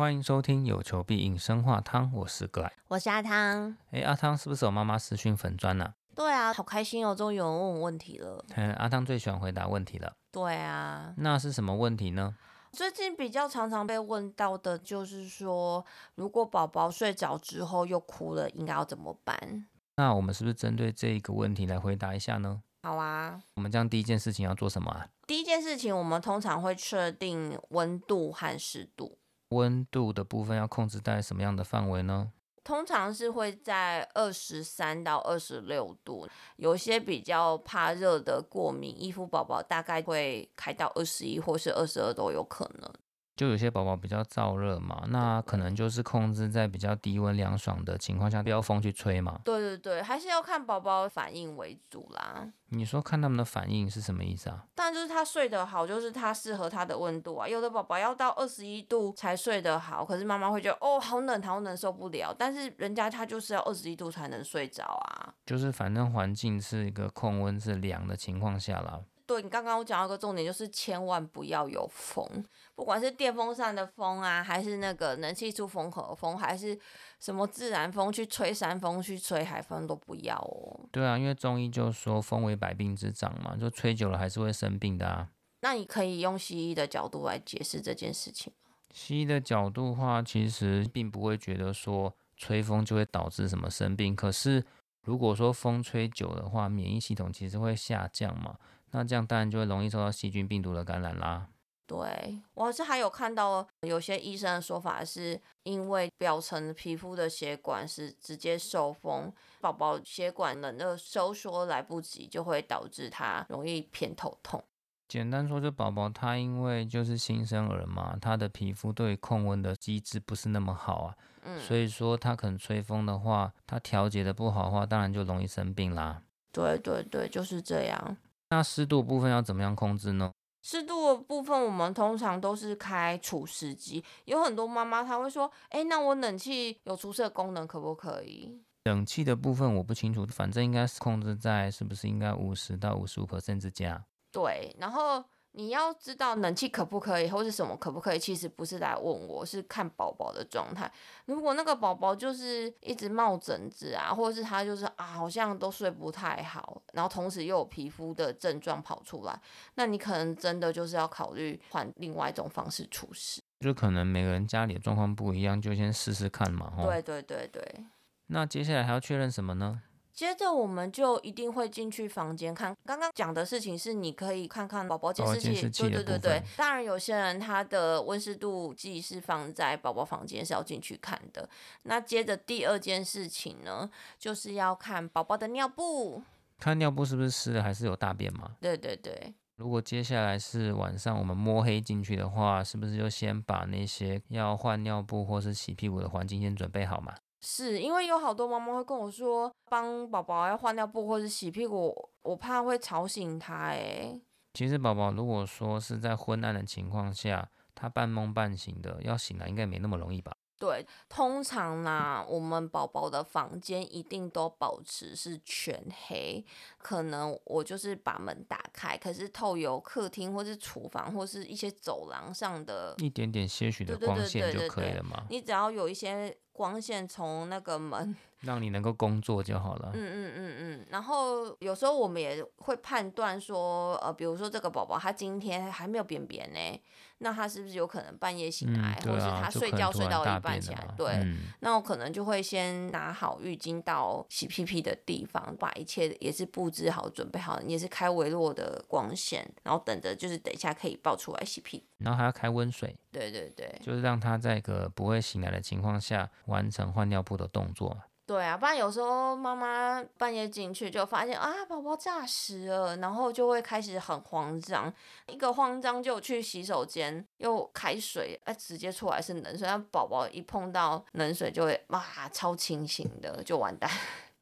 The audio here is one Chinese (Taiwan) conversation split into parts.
歡迎收聽《有求必應生化湯》，我是哥，我是阿湯。哎、欸，阿湯是不是我媽媽私訊粉專呢？啊？對啊，好開心哦，終於有人問我問題了。嗯、欸，阿湯最喜歡回答問題了。對啊，那是什麼問題呢？最近比較常常被問到的就是說，如果寶寶睡着之後又哭了，應該要怎麼辦？那我們是不是針對這一個問題來回答一下呢？好啊，我們這樣第一件事情要做什麼啊？第一件事情，我們通常會確定溫度和濕度。溫度的部分要控制在什麼樣的範圍呢？通常是會在二十三到二十六度，有些比較怕熱的過敏衣服寶寶，大概會開到二十一或是二十二都有可能。就有些寶寶比較燥熱嘛，那可能就是控制在比較低溫涼爽的情況下，不要風去吹嘛。對對對，還是要看寶寶的反應為主啦。你說看他們的反應是什麼意思啊？當然就是他睡得好，就是他適合他的溫度啊。有的寶寶要到二十一度才睡得好，可是媽媽會覺得哦，好冷，好冷受不了。但是人家他就是要二十一度才能睡着啊。就是反正環境是一個控溫是涼的情況下啦。對你剛剛我講到一個重點，就是千萬不要有風，不管是電風扇的風啊，還是那個暖氣出風口的風，還是什麼自然風去吹，山風去吹，海風都不要哦。對啊，因為中醫就說風為百病之長嘛，就吹久了還是會生病的啊。那你可以用西醫的角度來解釋這件事情。西醫的角度的話，其實並不會覺得說吹風就會導致什麼生病，可是如果說風吹久的話，免疫系統其實會下降嘛。那這樣當然就會容易受到細菌病毒的感染啦。對，我這還，還有看到有些醫生的說法，是因為表層皮膚的血管是直接受風，寶寶血管冷熱收縮來不及，就會導致他容易偏頭痛。簡單說，就寶寶他因為就是新生兒嘛，他的皮膚對控溫的機制不是那麼好啊，嗯，所以說他可能吹風的話，他調節的不好的話，當然就容易生病啦。對對對，就是這樣。那濕度部分要怎麼樣控制呢？濕度的部分，我們通常都是開除濕機。有很多媽媽她會說：“誒，那我冷氣有除濕的功能可不可以？”冷氣的部分我不清楚，反正應該是控制在是不是應該五十到五十五 percent 之間。對，然後。你要知道冷氣可不可以，或是什麼可不可以，其實不是來問我是，是看寶寶的狀態。如果那個寶寶就是一直冒疹子啊，或者是他就是啊，好像都睡不太好，然後同時又有皮膚的症狀跑出來，那你可能真的就是要考慮換另外一種方式處置。就可能每個人家裡的狀況不一樣，就先試試看嘛。對對對對。那接下來還要確認什麼呢？接着我們就一定會進去房間看，剛剛講的事情是你可以看看寶寶監視器，哦、監視器對對對對。當然有些人他的溫濕度計是放在寶寶房間，是要進去看的。那接着第二件事情呢，就是要看寶寶的尿布，看尿布是不是濕了還是有大便嘛？對對對。如果接下來是晚上我們摸黑進去的話，是不是就先把那些要換尿布或是洗屁股的環境先準備好嘛？是因為有好多媽媽會跟我說，幫寶寶要換尿布或者洗屁股，我怕會吵醒他哎、欸。其實寶寶如果說是在昏暗的情況下，他半夢半醒的，要醒來應該沒那麼容易吧。對，通常呢，我們寶寶的房間一定都保持是全黑，可能我就是把門打開，可是透由客廳或是廚房或是一些走廊上的，一點點些許的光線就可以了嘛。對對對對對，你只要有一些光線從那個門，讓你能夠工作就好了。嗯嗯嗯嗯。然後有時候我們也會判斷說，呃，比如說這個寶寶他今天還沒有便便呢，那他是不是有可能半夜醒來，嗯啊、或者是他睡覺了睡到一半起來？對，嗯、那我可能就會先拿好浴巾到洗屁屁的地方，把一切也是布置好、準備好，你也是開微弱的光線，然後等着就是等一下可以抱出來洗屁。然後還要開溫水。對對對，就是讓他在一個不會醒來的情況下完成換尿布的動作。對啊，不然有時候媽媽半夜進去就發現啊寶寶詐屍了，然後就會開始很慌張，一個慌張就去洗手間，又開水，哎、啊、直接出來是冷水，那寶寶一碰到冷水就會哇、啊、超清醒的就完蛋。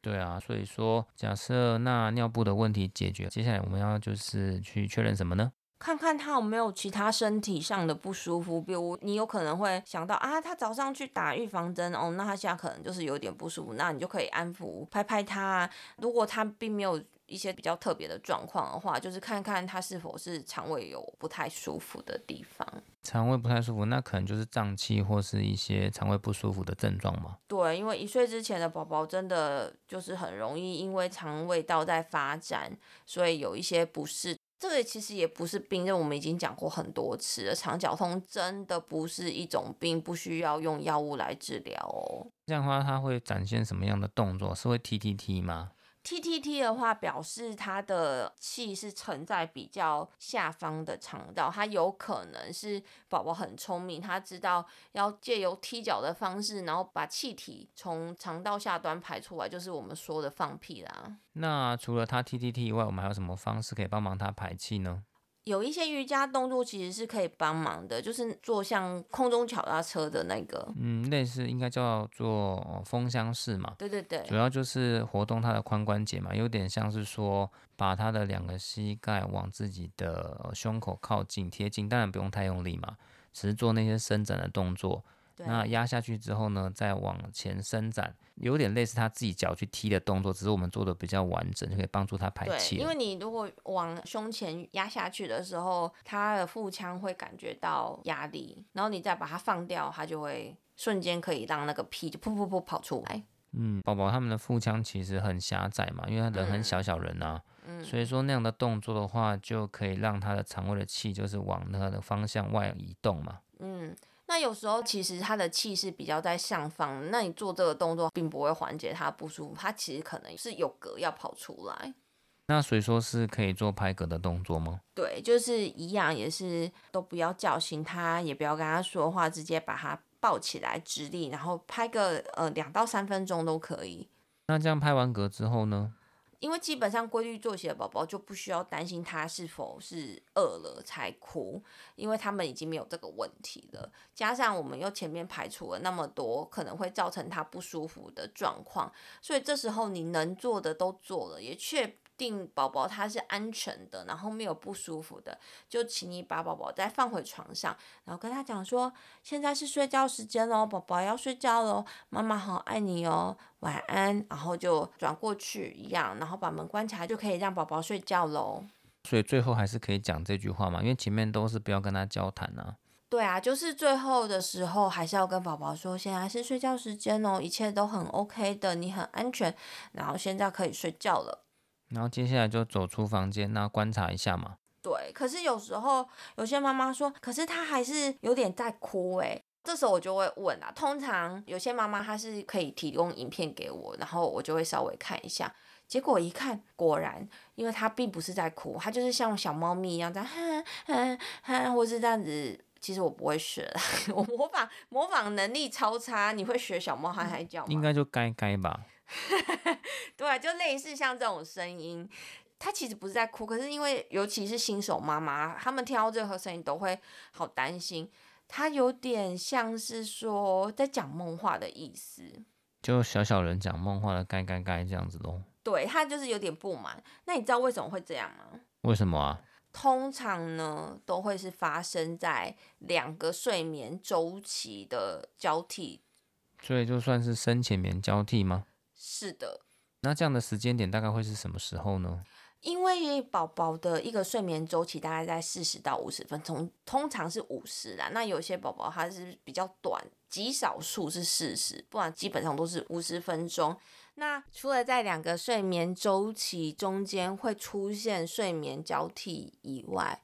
對啊，所以說假設那尿布的問題解決，接下來我們要就是去確認什麼呢？看看他有沒有其他身體上的不舒服，比如你有可能會想到啊，他早上去打預防針哦，那他現在可能就是有點不舒服，那你就可以安撫拍拍他啊。如果他並沒有一些比較特別的狀況的話，就是看看他是否是腸胃有不太舒服的地方。腸胃不太舒服，那可能就是脹氣或是一些腸胃不舒服的症狀嘛？對，因為一歲之前的寶寶真的就是很容易因為腸胃道在發展，所以有一些不適。這個其實也不是病，因為我們已經講過很多次了。腸絞痛真的不是一種病，不需要用藥物來治療哦。這樣的話，它會展現什麼樣的動作？是會踢踢踢嗎？T T T 的話，表示他的氣是存在比較下方的腸道，他有可能是寶寶很聰明，他知道要借由踢腳的方式，然後把氣體從腸道下端排出來，就是我們說的放屁啦。那除了他 T T T 以外，我們還有什麼方式可以幫忙他排氣呢？有一些瑜伽動作其實是可以幫忙的，就是做像空中腳踏車的那個，嗯，類似應該叫做風箱式嘛，對對對，主要就是活動它的髖關節嘛，有點像是說把它的兩個膝蓋往自己的胸口靠近貼近，當然不用太用力嘛，只是做那些伸展的動作。對那壓下去之後呢，再往前伸展，有點類似他自己腳去踢的動作，只是我們做的比較完整，就可以幫助他排氣。對，因為你如果往胸前壓下去的時候，他的腹腔會感覺到壓力，然後你再把它放掉，他就會瞬間可以讓那個屁就噗噗噗跑出來。唉嗯，寶寶他們的腹腔其實很狹窄嘛，因為他人很小小人啊，嗯、所以說那樣的動作的話，就可以讓他的腸胃的氣就是往那個方向外移動嘛。嗯。那有時候其實他的氣是比較在上方，那你做這個動作並不會緩解他不舒服，他其實可能是有嗝要跑出來。那所以說是可以做拍嗝的動作嗎？對，就是一樣，也是都不要叫醒他，也不要跟他說話，直接把他抱起來直立，然後拍個呃兩到三分鐘都可以。那這樣拍完嗝之後呢？因為基本上規律作息的寶寶就不需要擔心他是否是餓了才哭，因為他們已經沒有這個問題了。加上我們又前面排除了那麼多可能會造成他不舒服的狀況，所以這時候你能做的都做了，也確定寶寶他是安全的，然後沒有不舒服的，就請你把寶寶再放回床上，然後跟他講說，現在是睡覺時間哦，寶寶要睡覺嘍，媽媽好愛你哦，晚安，然後就轉過去一樣，然後把門關起來，就可以讓寶寶睡覺嘍。所以最後還是可以講這句話嘛，因為前面都是不要跟他交談吶、啊。對啊，就是最後的時候還是要跟寶寶說，現在是睡覺時間哦，一切都很 OK 的，你很安全，然後現在可以睡覺了。然後接下來就走出房間，那觀察一下嘛。對，可是有時候有些媽媽說，可是她還是有點在哭哎。這時候我就會問啦，通常有些媽媽她是可以提供影片給我，然後我就會稍微看一下。結果一看，果然，因為她並不是在哭，她就是像小貓咪一樣在哼哼哼，或是這樣子。其實我不會學， 我模仿模仿能力超差。你會學小貓憨憨叫嗎？應該就該該吧。 對，就類似像這種聲音，他其實不是在哭，可是因為尤其是新手媽媽，他們聽到任何聲音都會好擔心。他有點像是說在講夢話的意思，就小小人講夢話的“該該該”這樣子嘍。對他就是有點不滿。那你知道為什麼會這樣嗎？為什麼啊？通常呢，都會是發生在兩個睡眠周期的交替，所以就算是深淺眠交替嗎？是的，那這樣的時間點大概會是什麼時候呢？因為寶寶的一個睡眠週期大概在四十到五十分鐘，通常是五十啦。那有些寶寶他是比較短，極少數是四十，不然基本上都是五十分鐘。那除了在兩個睡眠週期中間會出現睡眠交替以外，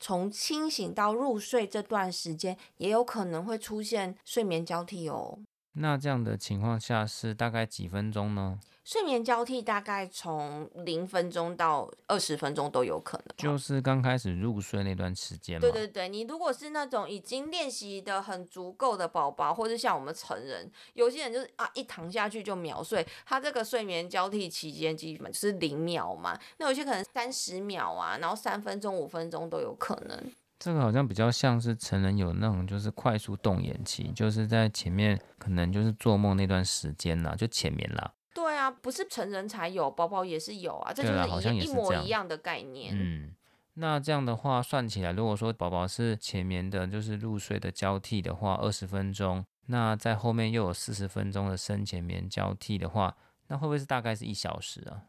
從清醒到入睡這段時間也有可能會出現睡眠交替哦。那這樣的情況下是大概幾分鐘呢？睡眠交替大概從零分鐘到二十分鐘都有可能，就是剛開始入睡那段時間。對對對，你如果是那種已經練習得很足夠的寶寶，或者像我們成人，有些人就是啊一躺下去就秒睡，他這個睡眠交替期間基本就是零秒嘛。那有些可能三十秒啊，然後三分鐘、五分鐘都有可能。這個好像比較像是成人有那種，就是快速動眼期，就是在前面可能就是做夢那段時間啦，就淺眠啦。對啊，不是成人才有，寶寶也是有啊，這就是一、啊、好像是一模一樣的概念。嗯，那這樣的話算起來，如果說寶寶是淺眠的，就是入睡的交替的話，二十分鐘，那在後面又有四十分鐘的深淺眠交替的話，那會不會是大概是一小時啊？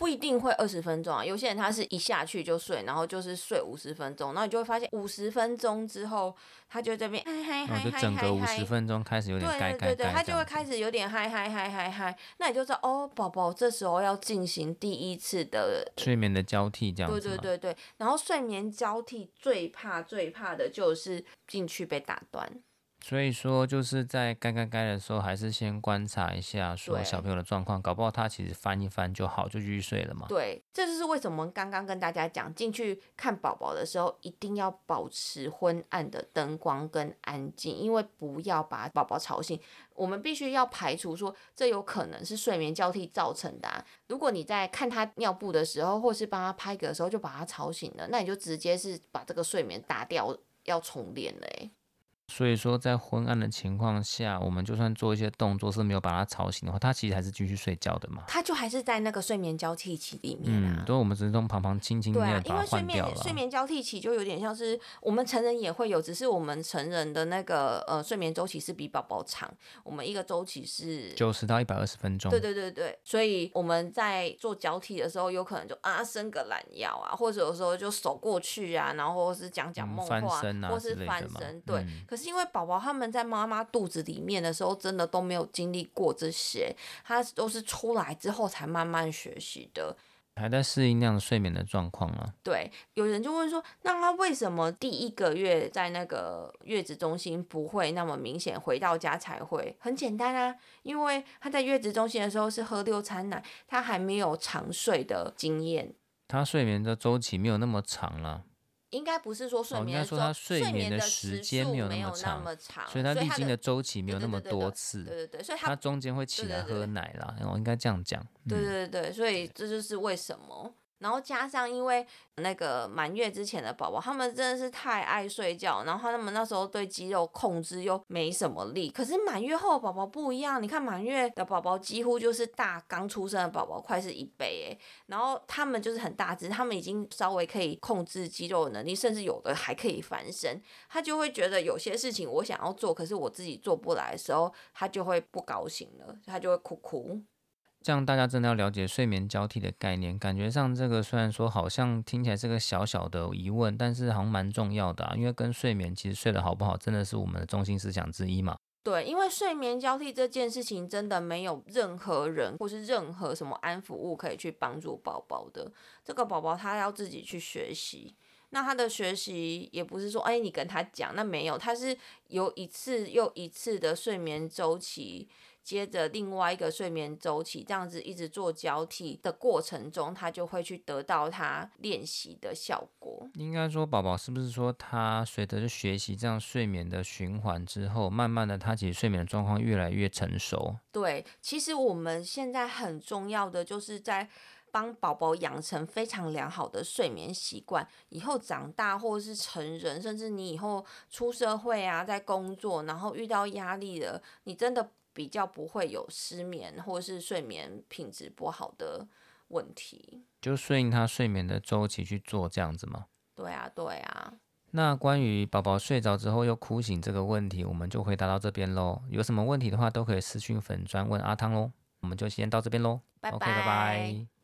不一定會二十分鐘啊，有些人他是一下去就睡，然後就是睡五十分鐘，那你就會發現五十分鐘之後，他就這邊嗨嗨嗨嗨嗨，哦、就整個五十分鐘開始有點蓋蓋蓋，對對對，他就會開始有點嗨嗨嗨嗨嗨，那你就知道哦，寶寶這時候要進行第一次的睡眠的交替，這樣。對對對對。然後睡眠交替最怕最怕的就是進去被打斷。所以說，就是在該該該的時候，還是先觀察一下，說小朋友的狀況，搞不好他其實翻一翻就好，就繼續睡了嘛。對，這就是為什麼剛剛跟大家講，進去看寶寶的時候，一定要保持昏暗的燈光跟安靜，因為不要把寶寶吵醒。我們必須要排除說，這有可能是睡眠交替造成的啊。如果你在看他尿布的時候，或是幫他拍嗝的時候，就把他吵醒了，那你就直接是把這個睡眠打掉，要重練了欸。所以說，在昏暗的情況下，我們就算做一些動作是沒有把它吵醒的話，它其實還是繼續睡覺的嘛。它就還是在那個睡眠交替期裡面啊。嗯，對，我們只是從旁旁輕輕對、啊，因為睡眠睡眠交替期就有點像是我們成人也會有，只是我們成人的那個呃睡眠週期是比寶寶長，我們一個週期是九十到一百二十分鐘。對對對對，所以我們在做交替的時候，有可能就啊伸個懶腰啊，或者有時候就手過去啊，然後是講講夢話，嗯啊、或是翻身，對，嗯是因為寶寶他們在媽媽肚子裡面的時候，真的都沒有經歷過這些，他都是出來之後才慢慢學習的，還在適應那樣的睡眠的狀況啊？對，有人就問說，那他為什麼第一個月在那個月子中心不會那麼明顯，回到家才會？很簡單啊，因為他在月子中心的時候是喝六餐奶，他還沒有長睡的經驗，他睡眠的週期沒有那麼長了。應該不是說睡眠，應該說他睡眠的時間沒有那麼長，所以他歷經的週期沒有那麼多次，對對對，對，對對對，所以他，他中間會起來喝奶了，對對對對對，我應該這樣講，嗯、對，對對對，所以這就是為什麼。然後加上，因為那個滿月之前的寶寶，他們真的是太愛睡覺。然後他們那時候對肌肉控制又沒什麼力。可是滿月後的寶寶不一樣，你看滿月的寶寶幾乎就是大剛出生的寶寶，快是一倍哎。然後他們就是很大只，他們已經稍微可以控制肌肉的能力，甚至有的還可以翻身。他就會覺得有些事情我想要做，可是我自己做不來的時候，他就會不高興了，他就會哭哭。這樣大家真的要了解睡眠交替的概念，感覺上這個雖然說好像聽起來是個小小的疑問，但是好像蠻重要的啊，因為跟睡眠其實睡得好不好真的是我們的中心思想之一嘛。對，因為睡眠交替這件事情真的沒有任何人或是任何什麼安撫物可以去幫助寶寶的，這個寶寶他要自己去學習。那他的學習也不是說，哎、欸，你跟他講，那沒有，他是有一次又一次的睡眠週期，接着另外一個睡眠週期，這樣子一直做交替的過程中，他就會去得到他練習的效果。應該說，寶寶是不是說，他隨着學習這樣睡眠的循環之後，慢慢的，他其實睡眠的狀況越來越成熟。對，其實我們現在很重要的就是在。幫寶寶養成非常良好的睡眠習慣，以後長大或者是成人，甚至你以後出社會啊，在工作，然後遇到壓力了，你真的比較不會有失眠或者是睡眠品質不好的問題。就順應他睡眠的周期去做這樣子嗎？對啊，對啊。那關於寶寶睡着之後又哭醒這個問題，我們就回答到這邊嘍。有什麼問題的話，都可以私訊粉專問阿湯嘍。我們就先到這邊嘍，拜拜拜拜。Okay, bye bye